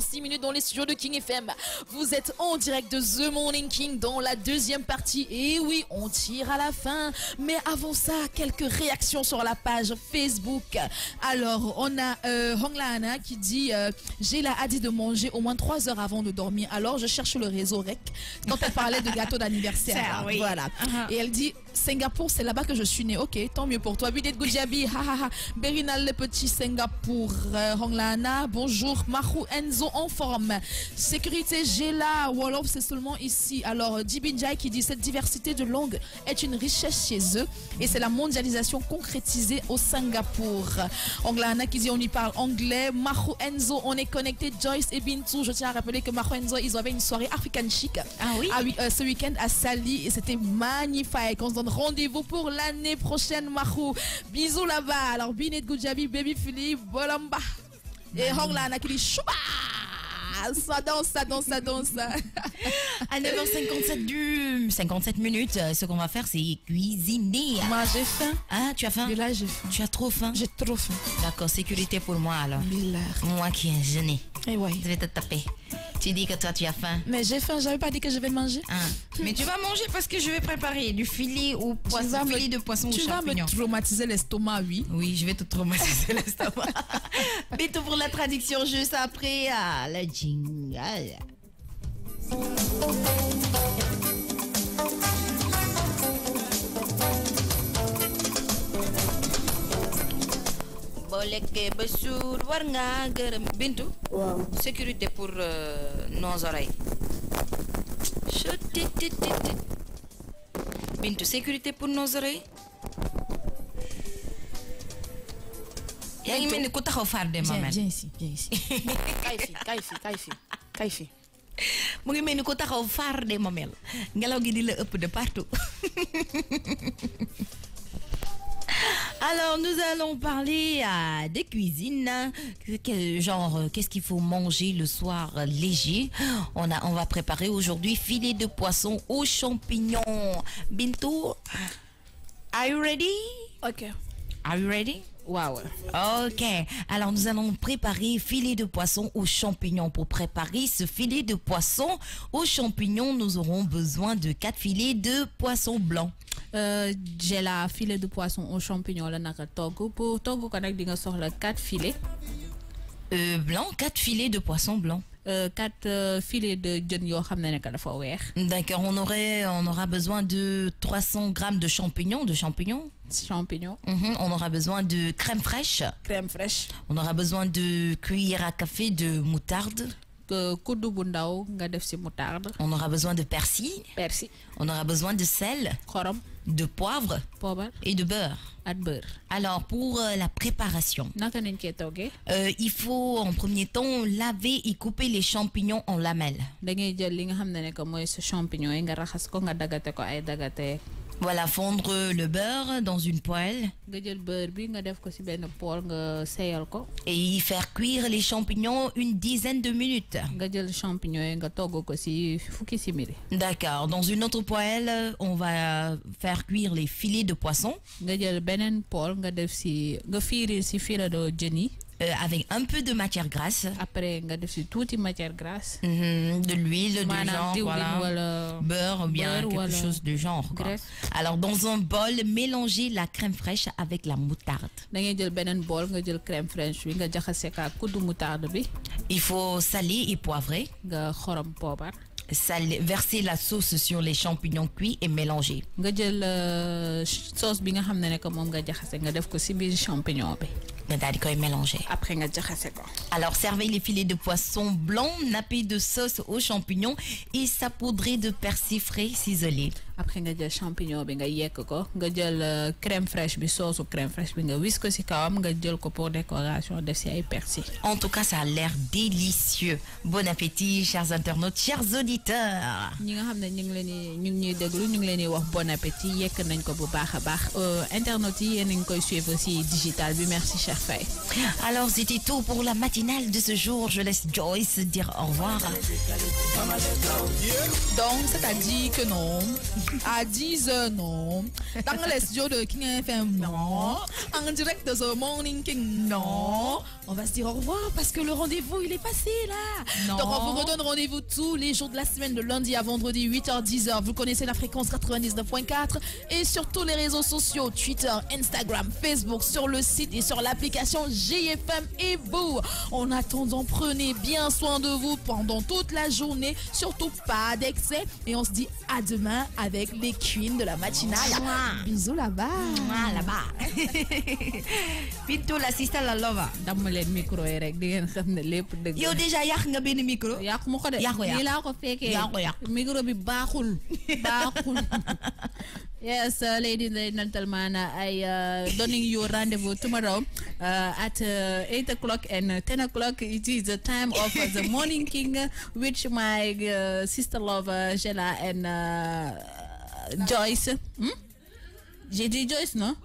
6 minutes dans les studios de King FM. Vous êtes en direct de The Morning King dans la deuxième partie. Et oui, on tire à la fin. Mais avant ça, quelques réactions sur la page Facebook. Alors, on a euh, Honglaana qui dit euh, J'ai la hâte de manger au moins 3 heures avant de dormir. Alors, je cherche le réseau REC quand elle parlait de gâteau d'anniversaire. Voilà. Uh-huh. Et elle dit Singapour, c'est là-bas que je suis né. Ok, tant mieux pour toi. Bidet Gujabi, ha Berinal le petit Singapour, euh, Honglana, bonjour. Mahou Enzo en forme. Sécurité, j'ai là. Wolof, c'est seulement ici. Alors, euh, Dibinjai qui dit cette diversité de langues est une richesse chez eux et c'est la mondialisation concrétisée au Singapour. Honglana qui dit on y parle anglais. Mahou Enzo, on est connecté. Joyce et Bintou, je tiens à rappeler que Mahou Enzo, ils avaient une soirée africaine chic. Ah oui? Ah oui, euh, ce week-end à Sali et c'était magnifique. On rendez-vous pour l'année prochaine, Mahou. Bisous là-bas. Alors, Binet Goudjabi, Baby Philippe, Bolamba. Et Hongla, Nakili, Chouba ça danse, ça danse, ça danse. à 9h57 du 57 minutes, euh, ce qu'on va faire, c'est cuisiner. Moi, j'ai faim. Ah, tu as faim? là, j'ai Tu as trop faim? J'ai trop faim. D'accord, sécurité pour moi alors. Moi qui ai jeûné. Et eh ouais. Je vais te taper. Tu dis que toi tu as faim. Mais j'ai faim, j'avais pas dit que je vais manger. Ah. Mais tu vas manger parce que je vais préparer du filet ou poisson, filet de poisson Tu vas me traumatiser l'estomac, oui. Oui, je vais te traumatiser l'estomac. Mais tout pour la traduction juste après la jingle. boo ba suur war nga geureum bintu. waaw sécurité pour euh, nos oreilles. bintu sécurité pour nos oreilles. yaangi melni ku taxaw far de ma mel. jensi jensi kayfi kayfi kayfi fi mu ngi melni ku taxaw far de ma mel ngelaw gi di la upp de partout. Alors, nous allons parler à euh, des cuisines. genre, euh, qu'est-ce qu'il faut manger le soir léger on, a, on va préparer aujourd'hui filet de poisson aux champignons. Bintou, are you ready? Ok. Are you ready? Wow. Ok. Alors nous allons préparer filet de poisson aux champignons. Pour préparer ce filet de poisson aux champignons, nous aurons besoin de quatre filets de poisson blanc. Euh, j'ai la filet de poisson aux champignons la pour Togo quatre filets. Euh, blanc, quatre filets de poisson blanc. Euh, quatre euh, filets de jeunes d'accord on aurait on aura besoin de 300 grammes de champignons de champignons. champignons. Mhm, on aura besoin de crème fraîche. crème fraîche. on aura besoin de cuillère à café de moutarde. on aura besoin de persil. persil. on aura besoin de sel. de poivre et de beurre. Alors, pour euh, la préparation, euh, il faut en premier temps laver et couper les champignons en lamelles voilà fondre le beurre dans une poêle. et y faire cuire les champignons une dizaine de minutes. d'accord dans une autre poêle on va faire cuire les filets de poisson. Euh, avec un peu de matière grasse. après nga def toute la matière grasse. Mhm, de l'huile du genre voilà beurre ou bien quelque chose du genre alors dans un bol mélangez la crème fraîche avec la moutarde. Dans un bol, crème fraîche nga ka moutarde il faut saler et poivrer. nga xorom verser la sauce sur les champignons cuits et mélanger. nga jël euh, sauce bi nga xamné ne ne nga jaxase nga def ko bi nga daal Après, koy mélanger. après nga jaxase alors servez les filets de poisson blanc nappés de sauce aux champignons et saupoudrés de persil frais ciselé. après nga jël champignons champignons, nga yekk ko nga jël euh, crème fraîche bi sauce crème fraîche bi nga whisky ko ci kawam nga jël ko pour décoration de ci ay persil. en tout cas ça a l'air délicieux bon appétit chers internautes chers auditeurs. Nous nga xam ñu ngi leen di ñu ngi ñuy ñu ngi bon appétit yekk nañ ko bu baax a euh, internautes yi yéen a ngi koy suivre digital bi merci. Alors, c'était tout pour la matinale de ce jour. Je laisse Joyce dire au revoir. Donc, cest à dit que non. À 10h, non. Dans les studios de King FM, non. En direct de The Morning King, non. On va se dire au revoir parce que le rendez-vous, il est passé là. Donc, on vous redonne rendez-vous tous les jours de la semaine, de lundi à vendredi, 8h, 10h. Vous connaissez la fréquence 99.4 et sur tous les réseaux sociaux Twitter, Instagram, Facebook, sur le site et sur page l'application JFM et vous. En attendant, prenez bien soin de vous pendant toute la journée, surtout pas d'excès. Et on se dit à demain avec les queens de la matinale. Mouah. Bisous là-bas. là-bas. Pinto la sista la lova. Dame le micro yi eh, rek di ngeen xam ne lépp dëgg. déjà yàq nga micro. yàq mu ko de. yàq ko yàq lii laa ko fekkee. yàq micro Yes, uh, ladies and gentlemen, uh, I uh, donning you rendezvous tomorrow uh, at uh, 8 o'clock and uh, 10 o'clock. It is the time of the Morning King, which my sister love, uh, and Joyce. Hmm? J'ai dit Joyce, non?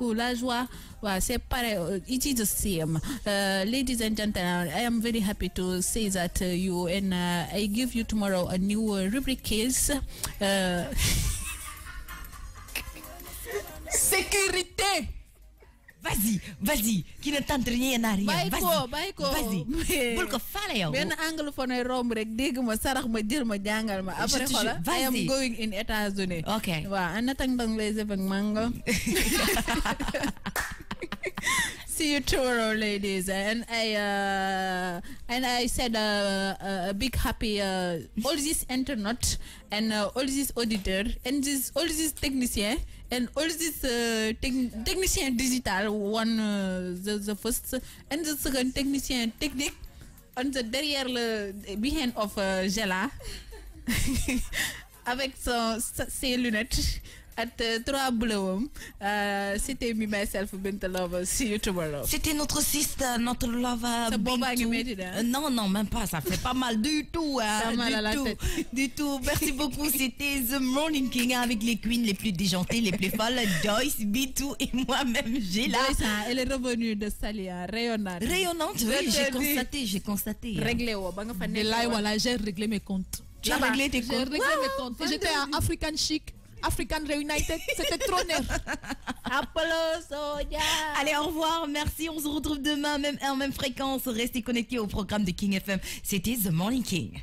Ou la joie. Well, pareil. it is the same. Uh, ladies and gentlemen, I am very happy to say that you and I give you tomorrow a new rubric case. sécurité. Vas-y, vas-y, qui ne t'entraîne à rien. Bàyyi ko bàyyi ko vas-y bul ko faale yow. benn anglophone romb rek dégg ma sarax ma jël ma jàngal ma. après xoolal I am going in États-Unis. ok waaw en attendant les événements. See you tomorrow, ladies. And I uh, and I said uh, uh, a big happy uh, all this internet and uh, all this auditor and this all this technicien and all this uh, and technician digital one uh, the, the first and the second technician technique and the derrière le behind of uh, Jela avec son, ses lunettes at euh, trois hein. euh c'était me myself Binta Love see you tomorrow. C'était notre sister, notre love. Hein. Euh, non, non, même pas. Ça fait pas mal du tout. Hein. pas mal à la tête. du tout. Merci beaucoup. C'était The Morning King avec les queens les plus déjantées, les plus folles. Joyce, b et moi-même, j'ai là. elle est revenue de Salia, rayonnante. Rayonnante, oui, j'ai constaté, j'ai constaté. Réglé, hein. là, voilà, j'ai réglé mes comptes. Tu as réglé tes comptes. J'ai réglé mes comptes. J'étais à African Chic. African Reunited. C'était trop nerf. Apollo Sonia. Allez, au revoir. Merci. On se retrouve demain, même en même fréquence. Restez connectés au programme de King FM. C'était The Morning King.